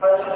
فالحمد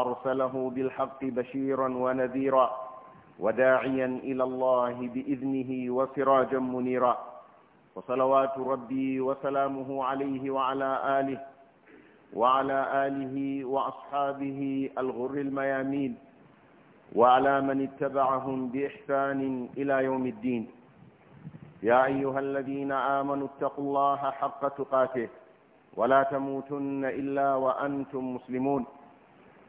أرسله بالحق بشيرا ونذيرا وداعيا إلى الله بإذنه وسراجا منيرا وصلوات ربي وسلامه عليه وعلى آله وعلى آله وأصحابه الغر الميامين وعلى من اتبعهم بإحسان إلى يوم الدين يا أيها الذين آمنوا اتقوا الله حق تقاته ولا تموتن إلا وأنتم مسلمون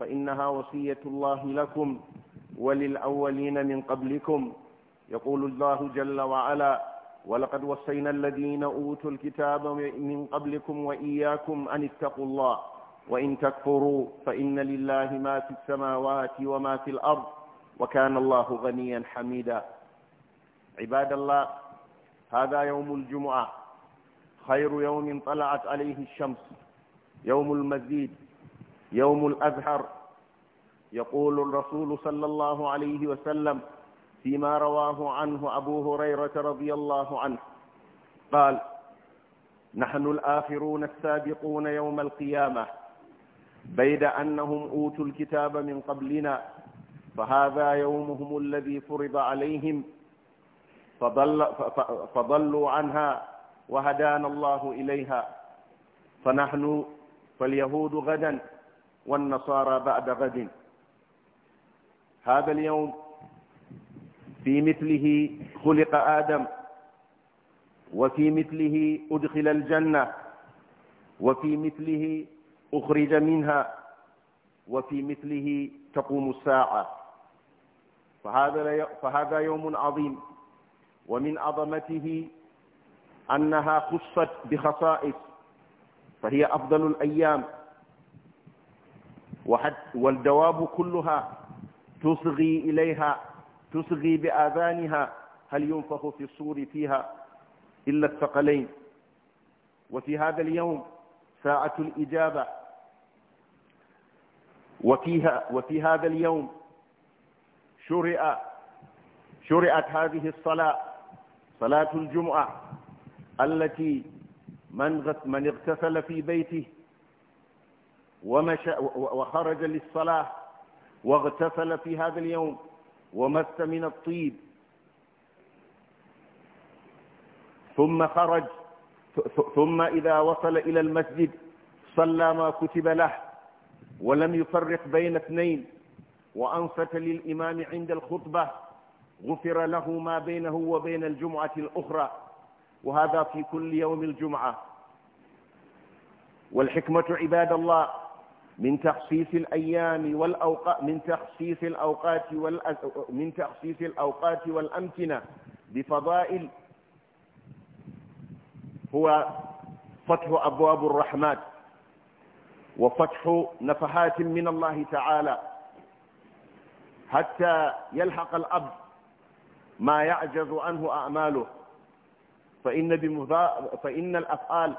فإنها وصية الله لكم وللأولين من قبلكم يقول الله جل وعلا ولقد وصينا الذين أوتوا الكتاب من قبلكم وإياكم أن اتقوا الله وإن تكفروا فإن لله ما في السماوات وما في الأرض وكان الله غنيا حميدا عباد الله هذا يوم الجمعة خير يوم طلعت عليه الشمس يوم المزيد يوم الأزهر يقول الرسول صلى الله عليه وسلم فيما رواه عنه أبو هريرة رضي الله عنه قال نحن الآخرون السابقون يوم القيامة بيد أنهم أوتوا الكتاب من قبلنا فهذا يومهم الذي فرض عليهم فضل فضلوا عنها وهدانا الله إليها فنحن فاليهود غدا والنصارى بعد غد هذا اليوم في مثله خلق آدم وفي مثله أدخل الجنة وفي مثله أخرج منها وفي مثله تقوم الساعة فهذا, فهذا يوم عظيم ومن عظمته أنها خصت بخصائص فهي أفضل الأيام والدواب كلها تصغي إليها تصغي بآذانها هل ينفخ في الصور فيها إلا الثقلين وفي هذا اليوم ساعة الإجابة وفيها وفي هذا اليوم شرع شرعت هذه الصلاة صلاة الجمعة التي من من اغتسل في بيته ومشى وخرج للصلاة واغتسل في هذا اليوم ومس من الطيب ثم خرج ثم إذا وصل إلى المسجد صلى ما كتب له ولم يفرق بين اثنين وأنصت للإمام عند الخطبة غفر له ما بينه وبين الجمعة الأخرى وهذا في كل يوم الجمعة والحكمة عباد الله من تخصيص الأيام والأوقات من تخصيص الأوقات والأز... من تخصيص الأوقات والأمكنة بفضائل هو فتح أبواب الرحمات وفتح نفحات من الله تعالى حتى يلحق الأب ما يعجز عنه أعماله فإن, بمضاء... فإن الأفعال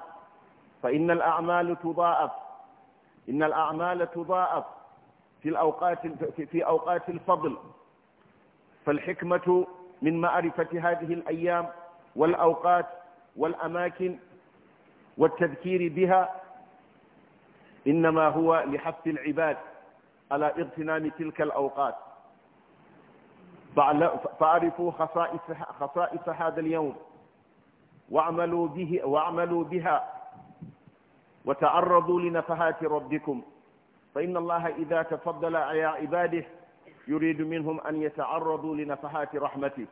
فإن الأعمال تضاءف إن الأعمال تضاءف في الأوقات في أوقات الفضل فالحكمة من معرفة هذه الأيام والأوقات والأماكن والتذكير بها إنما هو لحث العباد على اغتنام تلك الأوقات فاعرفوا خصائص, خصائص هذا اليوم واعملوا, به واعملوا بها وتعرضوا لنفحات ربكم فإن الله إذا تفضل على عباده يريد منهم أن يتعرضوا لنفحات رحمته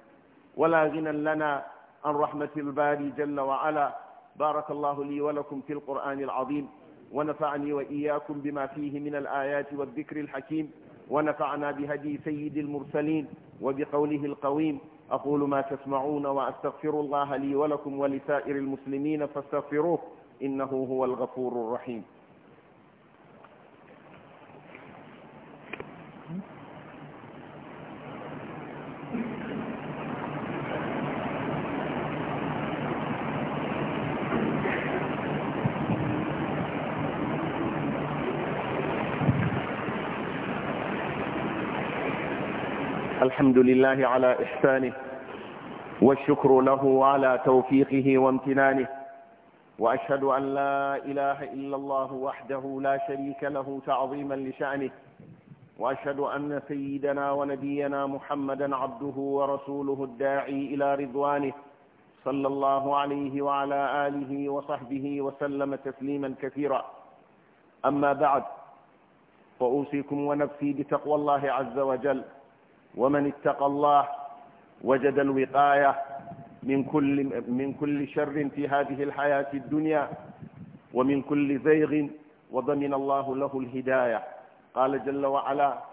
ولا غنى لنا عن رحمة الباري جل وعلا بارك الله لي ولكم في القرآن العظيم ونفعني وإياكم بما فيه من الآيات والذكر الحكيم ونفعنا بهدي سيد المرسلين وبقوله القويم أقول ما تسمعون وأستغفر الله لي ولكم ولسائر المسلمين فاستغفروه إنه هو الغفور الرحيم الحمد لله على إحسانه والشكر له على توفيقه وامتنانه وأشهد أن لا إله إلا الله وحده لا شريك له تعظيما لشأنه وأشهد أن سيدنا ونبينا محمدا عبده ورسوله الداعي إلى رضوانه صلى الله عليه وعلى آله وصحبه وسلم تسليما كثيرا أما بعد فأوصيكم ونفسي بتقوى الله عز وجل ومن اتقى الله وجد الوقاية من كل, من كل شر في هذه الحياة الدنيا ومن كل زيغ وضمن الله له الهداية قال جل وعلا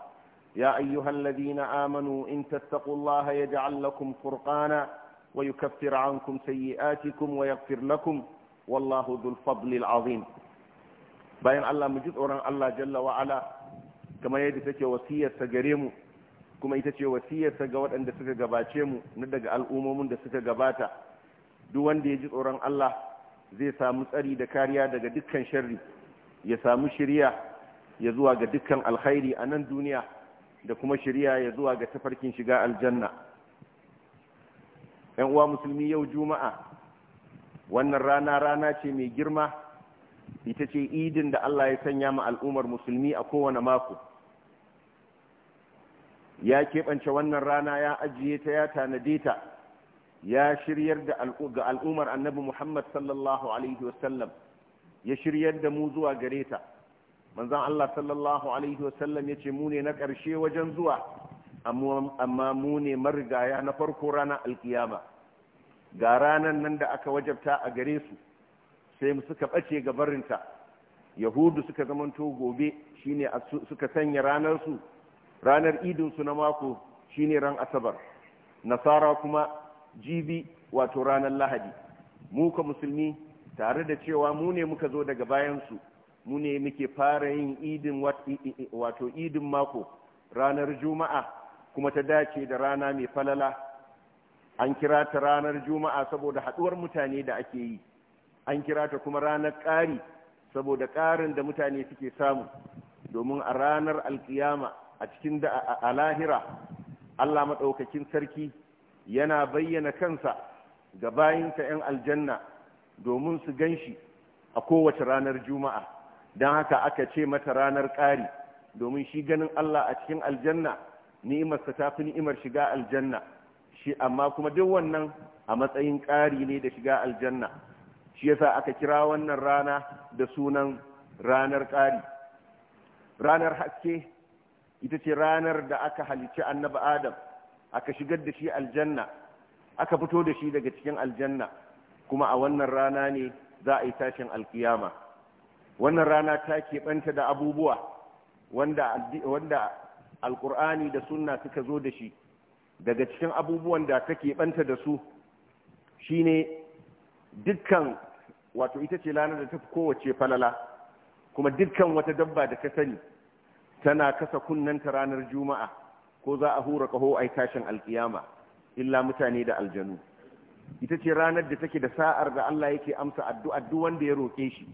يا أيها الذين آمنوا إن تتقوا الله يجعل لكم فرقانا ويكفر عنكم سيئاتكم ويغفر لكم والله ذو الفضل العظيم بين الله مجد أوران الله جل وعلا كما ala kamar تجريمه kuma ita ce wasiyarsa ga waɗanda suka gabace mu na daga al'ummomin da suka gabata duk wanda ya ji tsoron Allah zai samu tsari da kariya daga dukkan sharri ya samu shiriya ya zuwa ga dukkan alkhairi a nan duniya da kuma shiriya ya zuwa ga tafarkin shiga aljanna ‘yan uwa musulmi yau juma'a wannan rana rana ce mai girma ita ce idin da Allah ya sanya ma al'ummar musulmi a kowane mako ya keɓance wannan rana ya ajiye ta ya tanade ta ya shiryar da ga al'umar annabi muhammad sallallahu alaihi wasallam ya shiryar da mu zuwa gare ta manzan allah sallallahu alaihi wasallam ya ce mu ne na ƙarshe wajen zuwa amma mu ne marigaya na farko rana alkiyama ga ranar nan da aka wajabta a gare su sai mu suka ɓace ga barinta yahudu suka zamanto gobe shine suka sanya ranar su ranar idinsu na mako shine ran asabar nasara kuma jibi wato ranar lahadi mu ka musulmi tare da cewa mu ne muka zo daga bayansu mu ne muke fara yin idin wato idin mako ranar juma'a kuma ta dace da rana mai falala an kira ta ranar juma'a saboda haduwar mutane da ake yi an kira ta kuma ranar ƙari saboda ƙarin da mutane suke samu domin a ranar alkiyama a cikin da a lahira Allah maɗaukakin sarki yana bayyana kansa ga bayinsa 'yan aljanna domin su gan a kowace ranar juma'a don haka aka ce mata ranar ƙari domin shi ganin Allah a cikin aljanna ni'imarsa ta fi ni'imar shiga aljanna shi amma kuma duk wannan a matsayin ƙari ne da shiga aljanna shi yasa aka kira wannan rana da sunan ranar ƙari ranar haske ita ce ranar da aka halicci annabi adam aka shigar da shi aljanna aka fito da shi daga cikin aljanna kuma a wannan rana ne za a yi tashin alkiyama wannan rana ta keɓanta da abubuwa wanda, wanda alkur'ani da sunna suka zo da shi daga cikin abubuwan da ta keɓanta da su shine dukkan wato ita ce ranar da ta fi kowace falala kuma dukkan wata dabba da ka sani tana kasa kunnanta ranar juma'a ko za a hura kaho ai tashin alkiyama illa mutane da aljanu ita ce ranar da take da sa'ar da Allah yake amsa addu'a duk wanda ya roke shi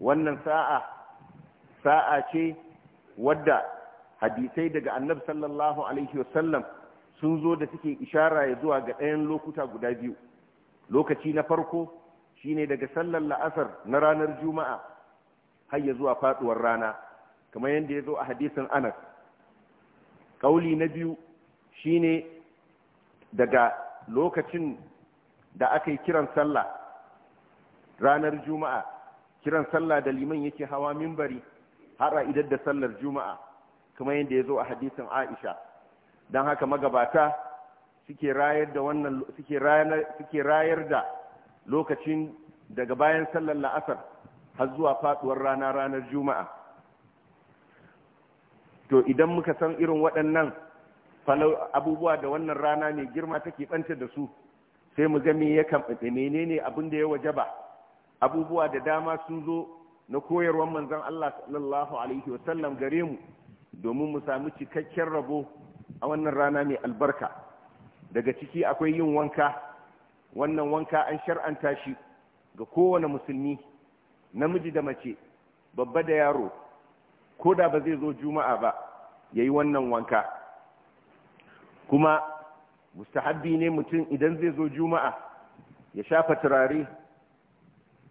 wannan sa'a sa'a ce wadda hadisai daga annabi sallallahu alaihi wasallam sun zo da suke ishara ya zuwa ga ɗayan lokuta guda biyu lokaci na farko shine daga sallar la'asar na ranar juma'a har zuwa faduwar rana kamar yadda ya zo a hadisin anas ƙauli na biyu shine daga lokacin da aka yi kiran sallah ranar juma'a kiran sallah da liman yake hawa mimbari har a idar da sallar juma'a kamar yadda ya zo a hadisin aisha don haka magabata suke rayar da wannan lokacin daga bayan sallar la'asar har zuwa faɗuwar rana ranar juma'a to idan muka san irin waɗannan abubuwa da wannan rana mai girma take ɓanta da su sai mu ga me ya menene abin da ya wajaba abubuwa da dama sun zo na koyarwar manzan Allah sallallahu alaihi wasallam gare mu domin mu sami cikakken rabo a wannan rana mai albarka daga ciki akwai yin wanka wannan wanka an shar'anta shi ga kowane musulmi namiji da mace babba da yaro ko da ba zai zo juma'a ba ya yi wannan wanka kuma mustahabbi ne mutum idan zai zo juma'a ya shafa turare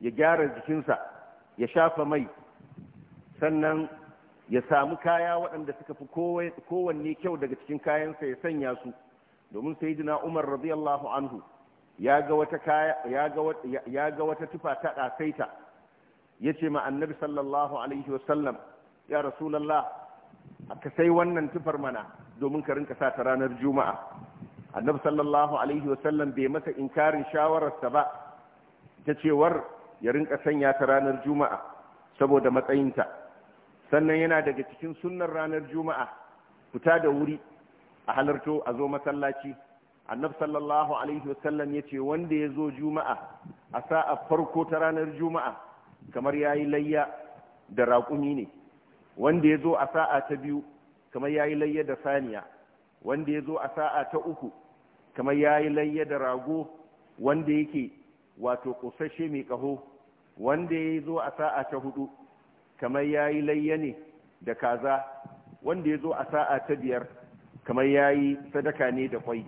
ya gyara jikinsa ya shafa mai sannan ya samu kaya waɗanda suka fi kowanne kyau daga cikin kayansa ya sanya su domin sai sayidina umar radiyallahu anhu ya ga wata tufa ta ɗasaita ya ce ma sallallahu alaihi wasallam ya rasulallah ka sai wannan tufar mana domin ka rinka sa ta ranar juma'a annabi sallallahu alaihi wasallam bai masa inkarin shawararsa ba ta cewar ya rinka sanya ta ranar juma'a saboda matsayinta sannan yana daga cikin sunnar ranar juma'a fita da wuri a halarto a zo masallaci annabi sallallahu alaihi wasallam ya ce wanda ya zo juma'a a sa'a farko ta ranar juma'a kamar ya yi layya da raƙumi ne wanda ya zo a sa'a ta biyu kamar ya yi layya da saniya wanda ya zo a sa'a ta uku kamar ya yi layya da rago wanda yake wato kusashe mai kaho wanda ya zo a sa'a ta hudu kamar ya yi layya ne da kaza wanda ya zo a sa'a ta biyar kamar ya yi sadaka ne da kwai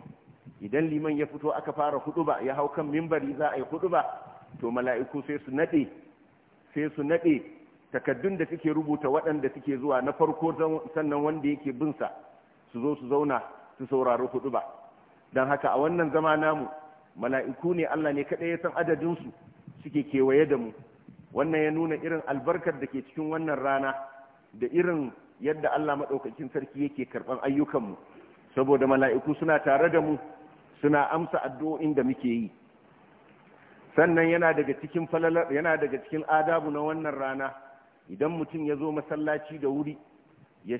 idan liman ya fito aka fara hudu ba ya hau kan mimbari za a yi hudu ba to mala'iku sai su naɗe sai su naɗe takaddun da suke rubuta waɗanda suke zuwa na farko sannan wanda yake bin sa su zo su zauna su saurari hudu ba don haka a wannan zama namu mala'iku ne Allah ne kaɗai ya san adadinsu suke kewaye da mu wannan ya nuna irin albarkar da ke cikin wannan rana da irin yadda Allah maɗaukakin sarki yake karɓan ayyukanmu saboda mala'iku suna tare da mu suna amsa addu'o'in da muke yi sannan yana daga cikin adabu na wannan rana idan mutum ya zo masallaci da wuri ya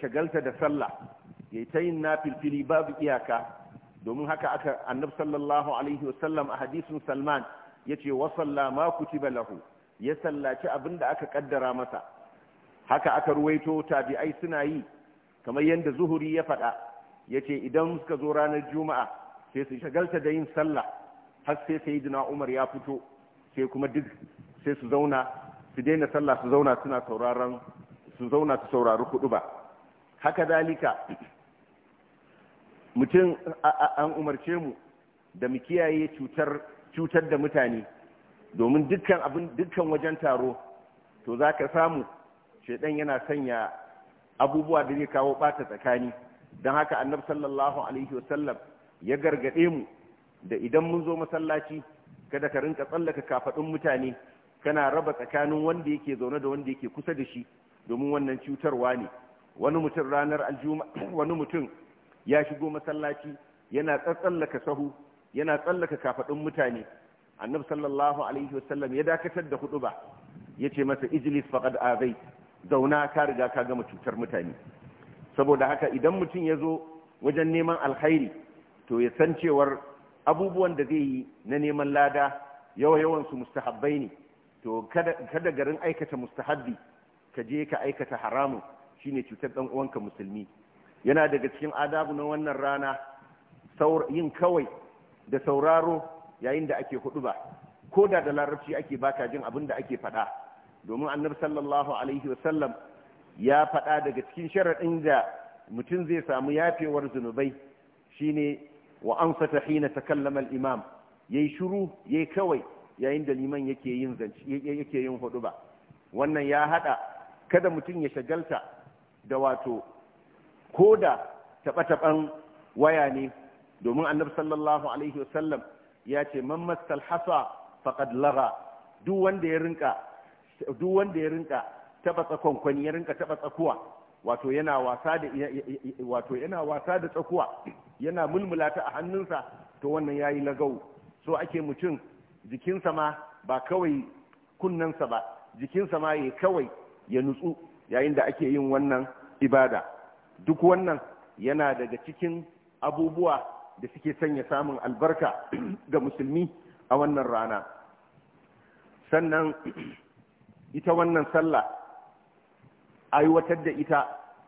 shagalta da sallah ya ta yin nafilfili babu iyaka domin haka aka annab sallallahu alaihi wasallam a hadisin salman ya ce wasalla ma ba lahu ya sallaci abin da aka kaddara masa haka aka ruwaito tabi'ai suna yi kamar yadda zuhuri ya faɗa ya ce idan suka zo ranar juma'a sai su shagalta da yin sallah har sai sayidina umar ya fito sai kuma duk sai su zauna su daina sallah su zauna suna sauraron su zauna su saurari hudu ba haka dalika mutum an umarce mu da mu kiyaye cutar cutar da mutane domin dukkan abin dukkan wajen taro to za ka samu shedan yana sanya abubuwa da zai kawo bata tsakani don haka annab sallallahu alaihi wasallam ya gargade mu da idan mun zo masallaci kada ka rinka tsallaka kafaɗun mutane kana raba tsakanin wanda yake zaune da wanda yake kusa da shi domin wannan cutarwa ne wani mutum ranar aljuma wani mutum ya shigo masallaci yana tsatsallaka sahu yana tsallaka kafadun mutane annabi sallallahu alaihi wasallam ya dakatar da ya yace masa ijlis faqad azait zauna ka riga ka gama cutar mutane saboda haka idan mutum ya zo wajen neman alkhairi to ya san cewar abubuwan da zai yi na neman lada yawa yawansu mustahabbai ne to kada garin aikata mustahabbi ka je ka aikata haramun shine cutar ɗan uwanka musulmi yana daga cikin adabu na wannan rana yin kawai da sauraro yayin da ake hudu ba ko da da larabci ake baka jin abin da ake faɗa domin annabi sallallahu alaihi wasallam ya faɗa daga cikin sharaɗin da mutum zai samu yafewar zunubai shine wa ansata hina takallama al-imam yayi shiru yayi kawai yayin da liman yake yin zance yake yin ba wannan ya hada kada mutum ya shagalta da wato koda taɓa-taɓan waya ne domin annabi sallallahu alaihi wasallam ya ce man masal hasa faqad laga duk wanda ya rinka duk wanda ya rinka taba tsakon ya rinka taba tsakuwa wato yana wasa da wato yana wasa da tsakuwa yana mulmula ta a hannunsa to wannan yayi lagau so ake mutum jikinsa ma ba kawai kunnensa ba jikinsa ma ya kawai ya nutsu yayin da ake yin wannan ibada duk wannan yana daga cikin abubuwa da suke sanya samun albarka ga musulmi a wannan rana sannan ita wannan sallah aiwatar da ita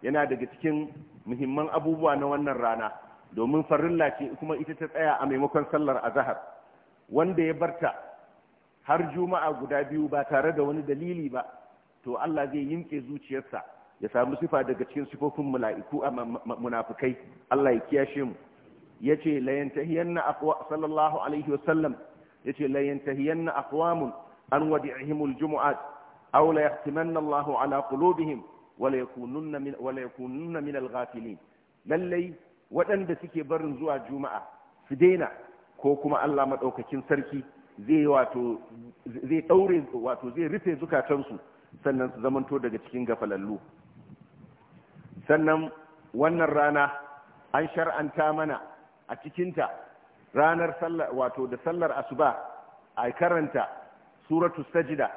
yana daga cikin muhimman abubuwa na wannan rana domin farin ce kuma ita ta tsaya a maimakon sallar azahar wanda ya barta har juma'a guda biyu ba tare da wani dalili ba to Allah zai yinke zuciyarsa ya samu sifa daga cikin sifofin mala'iku a munafikai Allah ya kiyashe mu yace la yantahiyanna aqwa sallallahu alaihi wasallam yace la yantahiyanna aqwamun an wadi'ihimul jumu'at aw la yahtimanna Allahu ala qulubihim wala yakununna min wala yakununna min al lallai waɗanda suke barin zuwa juma'a su daina ko kuma Allah maɗaukakin sarki zai ɗaure wato zai rufe zukatansu sannan su zamanto daga cikin gafalallu sannan wannan rana an shar'anta mana a cikinta ranar sallar wato da sallar asuba a karanta suratul sajida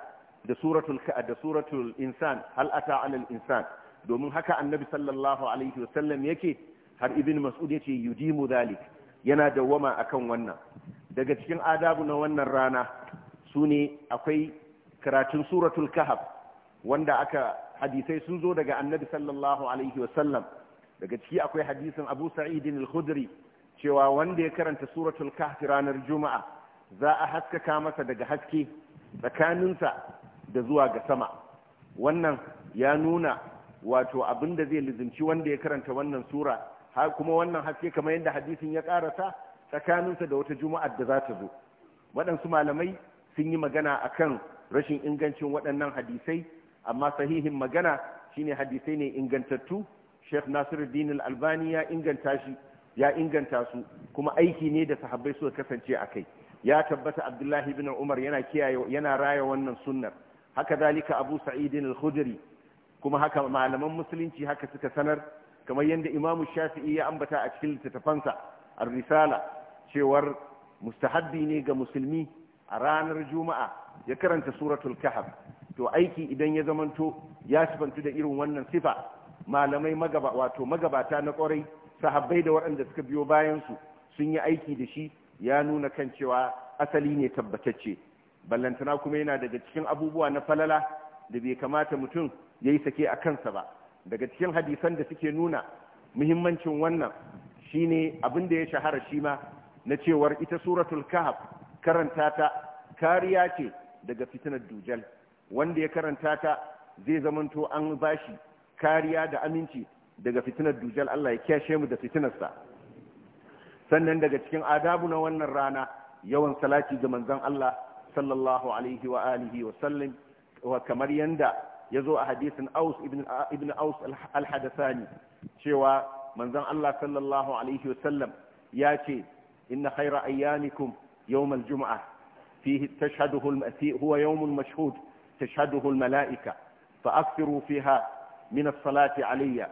da suratul da suratul insan hal ata alal insan domin haka annabi sallallahu alaihi wasallam yake har ibn mas'ud yace yudimu dhalik yana dawwama akan wannan daga cikin adabu na wannan rana su ne akwai karatun suratul kahab wanda aka hadisai sun zo daga annabi sallallahu alaihi wasallam daga ciki akwai hadisin abu sa'idin al-khudri cewa wanda ya karanta suratul kahab ranar juma'a za a haskaka masa daga haske tsakaninsa da zuwa ga sama wannan ya nuna wato abinda zai lizinci wanda ya karanta wannan sura kuma wannan haske kamar yadda hadisin ya karata tsakaninsa da wata juma'ar da za ta zo waɗansu malamai sun yi magana a kan rashin ingancin waɗannan hadisai amma sahihin magana shine hadisai ne ingantattu Sheikh Nasiruddin Al-Albani ya inganta shi ya inganta su kuma aiki ne da sahabbai suka kasance a kai ya tabbata Abdullahi bin Umar yana kiyaye yana raya wannan sunnar haka zalika Abu Sa'id Al-Khudri kuma haka malaman musulunci haka suka sanar kamar yadda imamu shafi'i ya ambata a cikin littattafansa a risala cewar mustahabbi ne ga musulmi a ranar juma'a ya karanta suratul kahf to aiki idan ya zamanto ya sifantu da irin wannan sifa malamai magaba wato magabata na kwarai sahabbai da waɗanda suka biyo bayansu sun yi aiki da shi ya nuna kan cewa asali ne tabbatacce ballantana kuma yana daga cikin abubuwa na falala da bai kamata mutum ya yi sake a kansa ba daga cikin hadisan da suke nuna muhimmancin wannan shine abin da ya shahara shi ma na cewar ita suratul kahf karanta ta kariya ce daga fitinar dujal wanda ya karanta ta zai zamanto an bashi kariya da aminci daga fitinar dujal Allah ya kyashe mu da fitinarsa sannan daga cikin adabu na wannan rana yawan salati ga manzon Allah sallallahu alaihi wa alihi wa sallam kamar yanda يزو حديث أوس ابن ابن أوس الحدثاني شوى من ذن الله صلى الله عليه وسلم ياتي إن خير أيامكم يوم الجمعة فيه تشهده المسيء هو يوم مشهود تشهده الملائكة فأكثروا فيها من الصلاة علي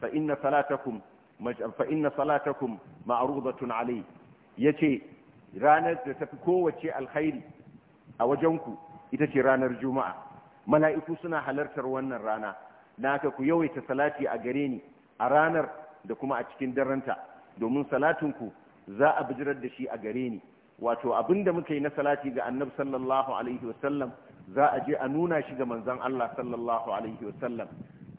فإن صلاتكم مج... فإن صلاتكم معروضة علي ياتي رانا تتفكو وتي الخير أوجنكو اذا رانا الجمعة mala'iku suna halartar wannan rana na haka ku yawaita salati a gare ni a ranar da kuma a cikin daranta domin salatinku za a bijirar da shi a gare ni wato abin da muka yi na salati ga annabi sallallahu alaihi wasallam za a je a nuna shi ga manzan Allah sallallahu alaihi wasallam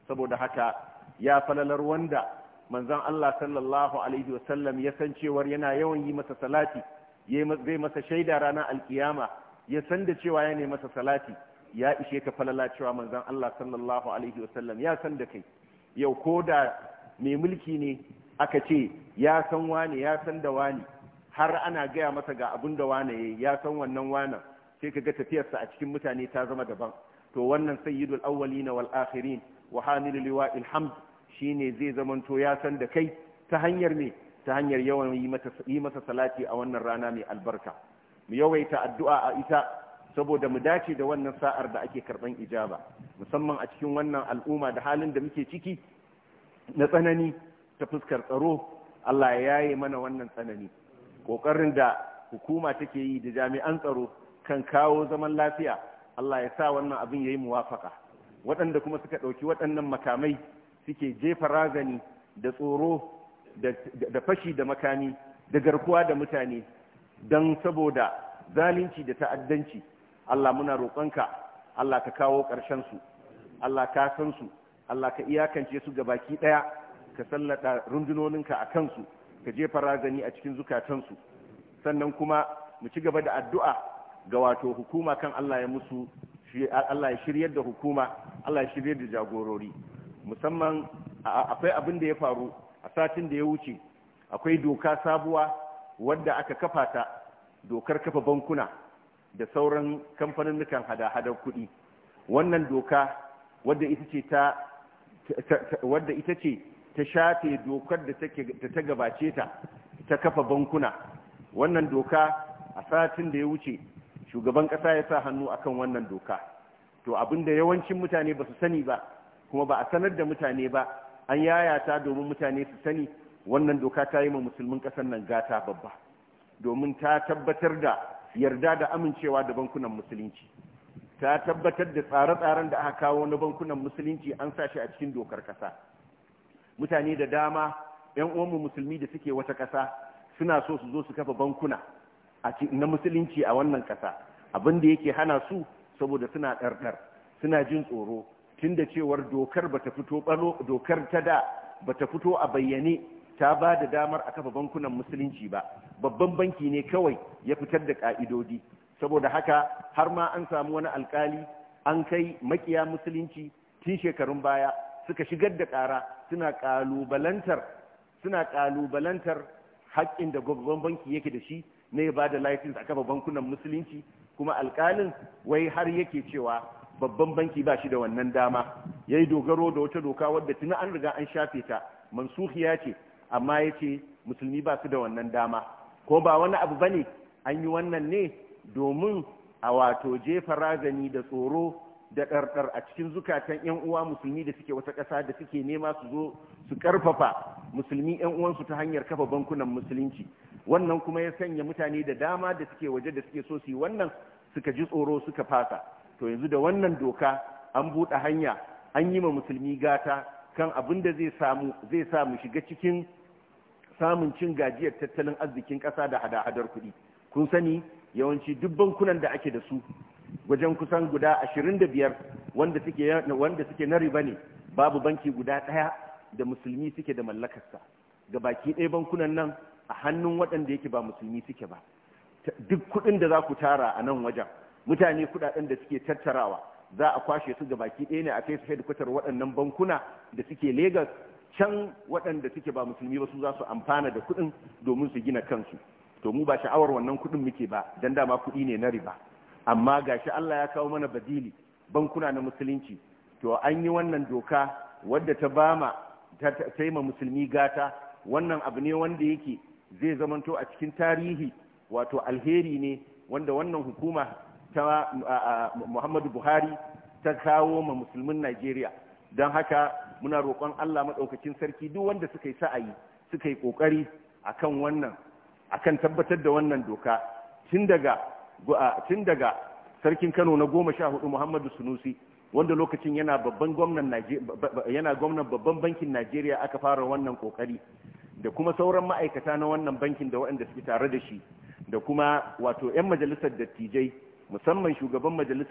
saboda haka ya falalar wanda manzan Allah sallallahu alaihi wasallam ya san cewar yana yawan yi masa salati zai masa shaida ranar alkiyama ya san da cewa ya ne masa salati ya ishe ka falala cewa manzon Allah sallallahu alaihi wasallam ya san da kai yau ko da mai mulki ne aka ce ya san wane ya san da wani har ana gaya masa ga abin da wane ya san wannan wane sai ka ga tafiyarsa a cikin mutane ta zama daban to wannan sayyidul awwalina wal akhirin wa hamilu liwa'il shi shine zai zamanto ya san da kai ta hanyar ne ta hanyar yawan yi masa salati a wannan rana mai albarka mu yawaita addu'a a ita saboda mu dace da wannan sa'ar da ake karban ijaba musamman a cikin wannan al'umma da halin da muke ciki na tsanani ta fuskar tsaro Allah ya yaye mana wannan tsanani Ƙoƙarin da hukuma take yi da jami'an tsaro kan kawo zaman lafiya Allah ya sa wannan abin yayi muwafaka waɗanda kuma suka ɗauki waɗannan makamai suke jefa ragani da tsoro da fashi da makami da garkuwa da mutane don saboda zalunci da ta'addanci Allah muna roƙonka Allah ka kawo ƙarshen su Allah ka san su Allah ka iyakance su ga baki ɗaya ka sallata rundunoninka a kansu ka jefa razani a cikin zukatansu sannan kuma mu ci gaba da addu'a ga wato hukuma kan Allah ya musu Allah ya shiryar da hukuma Allah ya shiryar da jagorori musamman akwai abin da ya faru a satin da ya wuce akwai doka sabuwa wadda aka kafa ta dokar kafa bankuna da sauran kamfanin nukan hada-hadar kuɗi wannan doka wadda ita ce ta shafe dokar da ta gabace ta ta kafa bankuna wannan doka a satin da ya wuce shugaban ƙasa ya sa hannu akan wannan doka to abinda yawancin mutane ba su sani ba kuma ba a sanar da mutane ba an yayata domin mutane su sani wannan doka ta yi ma musulmin ƙasar nan gata babba domin ta tabbatar da yarda da amincewa da bankunan musulunci ta tabbatar da tsare-tsaren da aka kawo na bankunan musulunci an sa shi a cikin dokar kasa mutane da dama yan uwanmu musulmi da suke wata kasa suna so su zo su kafa bankuna na musulunci a wannan kasa abin da yake hana su saboda suna ɗarɗar suna jin tsoro tun da cewar dokar bata fito ɓalo dokar ta da bata fito a bayyane ta ba da damar a kafa bankunan musulunci ba babban banki ne kawai ya fitar da ka'idodi saboda haka har ma an samu wani alkali an kai makiya musulunci tun shekarun baya suka shigar da kara suna ƙalubalantar suna kalubalantar haƙƙin da babban banki yake da shi na ya ba da license a kafa bankunan musulunci kuma alkalin wai har yake cewa babban banki ba shi da wannan dama ya yi dogaro da wata doka wadda tuni an riga an shafe ta mansuhiya ce amma ya ce musulmi ba su da wannan dama ko ba wani abu bane an yi wannan ne domin a wato jefa ragani da tsoro da ɗarɗar a cikin zukatan 'yan uwa musulmi da suke wata ƙasa da suke nema su zo su ƙarfafa musulmi 'yan uwansu ta hanyar kafa bankunan musulunci wannan kuma ya sanya mutane da dama da suke waje da suke so su yi wannan suka ji tsoro suka fasa to yanzu da wannan doka an buɗe hanya an yi ma musulmi gata kan abin da zai samu zai sa mu shiga cikin samun cin gajiyar tattalin arzikin ƙasa da hada-hadar kuɗi kun sani yawanci duk bankunan da ake da su wajen kusan guda ashirin da biyar wanda suke na riba ne babu banki guda ɗaya da musulmi suke da mallakarsa ga baki ɗaya bankunan nan a hannun waɗanda yake ba musulmi suke ba duk kuɗin da za ku tara a nan wajen mutane kuɗaɗen da suke tattarawa za a kwashe su ga baki ɗaya ne a kai su kwatar waɗannan bankuna da suke Legas can waɗanda suke ba musulmi ba su za su amfana da kuɗin domin su gina kansu to mu ba sha'awar wannan kuɗin muke ba dan dama kuɗi ne na riba amma gashi Allah ya kawo mana badili bankuna na musulunci to an yi wannan doka wadda ta bama ta taima musulmi gata wannan abu ne wanda yake zai zamanto a cikin tarihi wato alheri ne wanda wannan hukuma ta Muhammadu Buhari ta kawo ma musulmin Najeriya don haka muna roƙon Allah maɗaukacin sarki duk wanda suka yi sa'ayi suka yi ƙoƙari akan wannan kan tabbatar da wannan doka tun daga sarkin Kano na goma sha hudu Muhammadu Sunusi wanda lokacin yana gwamnan babban bankin Najeriya aka fara wannan ƙoƙari da kuma sauran ma'aikata na wannan bankin da waɗanda suke tare da shi da kuma wato 'yan majalisar dattijai musamman shugaban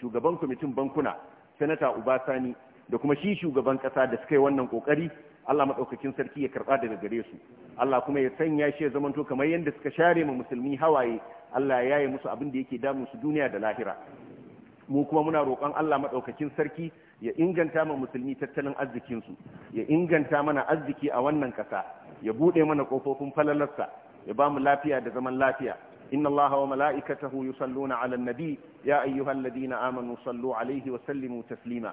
shugaban kwamitin bankuna sanata ubasani da kuma shi shugaban kasa da suka yi wannan kokari Allah maɗaukakin sarki ya karba daga gare su Allah kuma ya sanya shi ya zamanto kamar yadda suka share ma musulmi hawaye Allah ya yi musu abin da yake damun su duniya da lahira mu kuma muna roƙon Allah maɗaukakin sarki ya inganta ma musulmi tattalin arzikin su ya inganta mana arziki a wannan kasa ya buɗe mana kofofin falalarsa ya ba mu lafiya da zaman lafiya إن الله وملائكته يصلون على النبي يا أيها الذين آمنوا صلوا عليه وسلموا تسليما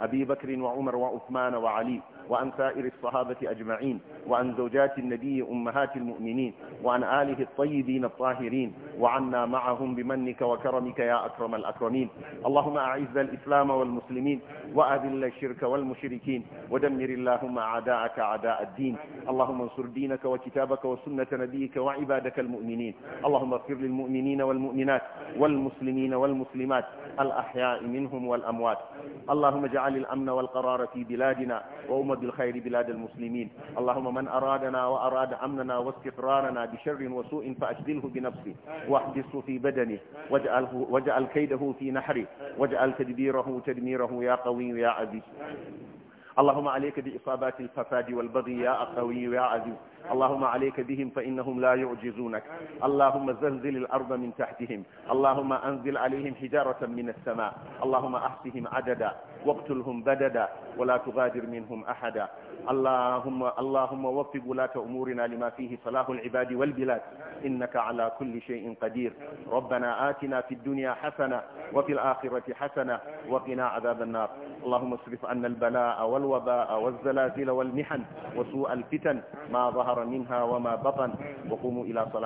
أبي بكر وعمر وعثمان وعلي وعن سائر الصحابة أجمعين وعن زوجات النبي أمهات المؤمنين وعن آله الطيبين الطاهرين وعنا معهم بمنك وكرمك يا أكرم الأكرمين اللهم أعز الإسلام والمسلمين وأذل الشرك والمشركين ودمر اللهم أعداءك أعداء الدين اللهم انصر دينك وكتابك وسنة نبيك وعبادك المؤمنين اللهم اغفر للمؤمنين والمؤمنات والمسلمين والمسلمات الأحياء منهم والأموات اللهم اجعل واجعل الأمن والقرار في بلادنا وأم بالخير بلاد المسلمين اللهم من أرادنا وأراد أمننا واستقرارنا بشر وسوء فأشغله بنفسه واحبسه في بدنه واجعل, واجعل كيده في نحره واجعل تدبيره تدميره يا قوي يا عزيز اللهم عليك بإصابات الفساد والبغي يا أخوي يا عزيز اللهم عليك بهم فإنهم لا يعجزونك اللهم زلزل الأرض من تحتهم اللهم أنزل عليهم حجارة من السماء اللهم أحسهم عددا واقتلهم بددا ولا تغادر منهم أحدا اللهم اللهم وفق ولاة أمورنا لما فيه صلاح العباد والبلاد إنك على كل شيء قدير ربنا آتنا في الدنيا حسنة وفي الآخرة حسنة وقنا عذاب النار اللهم اصرف عنا البلاء والوباء والزلازل والمحن وسوء الفتن ما ظهر منها وما بطن وقوموا إلى صلاة